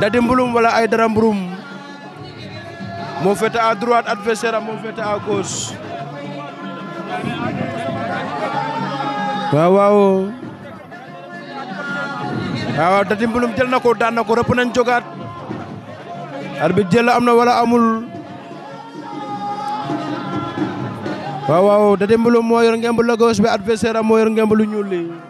Dadi Mbouloum wala air dalam mo fete a droite adversaire mo fete a à gauche waaw waaw waaw Dadi Mbouloum jël nako dan nako rep nañ jogat arbitre jël amna wala amul waaw waaw Dadi Mbouloum moo yor ngemb la gauche bi adversaire mo yor ngemb lu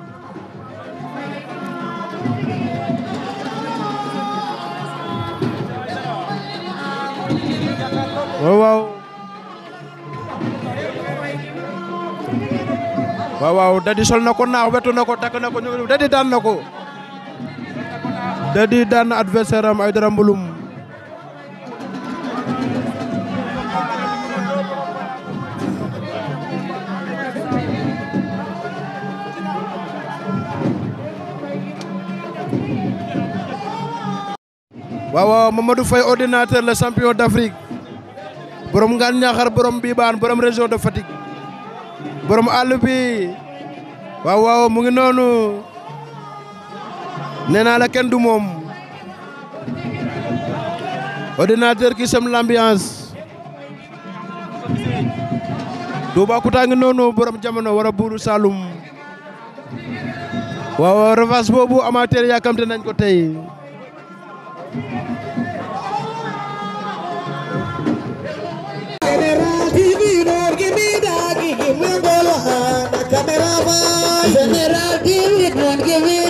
Wow, wow. Wow, wow. dadi sol nako na wetu nako tak nako na ko ñu dadi daan na ko dadi daan na adversaire am Aidara waaw waaw Mamadou Faye ordinateur la champion d'Afrique borom ngaan ñaaxar borom biibaan borom région de Fatick borom àll bi waaw waaw mu ngi noonu nee naa la kenn du moom ordinateur qui sème l'ambiance Toubacouta ngi noonu borom jamono wara buuru Saloum waaw revanche boobu amateur yaakamte nañ ko tey General TV, don't give me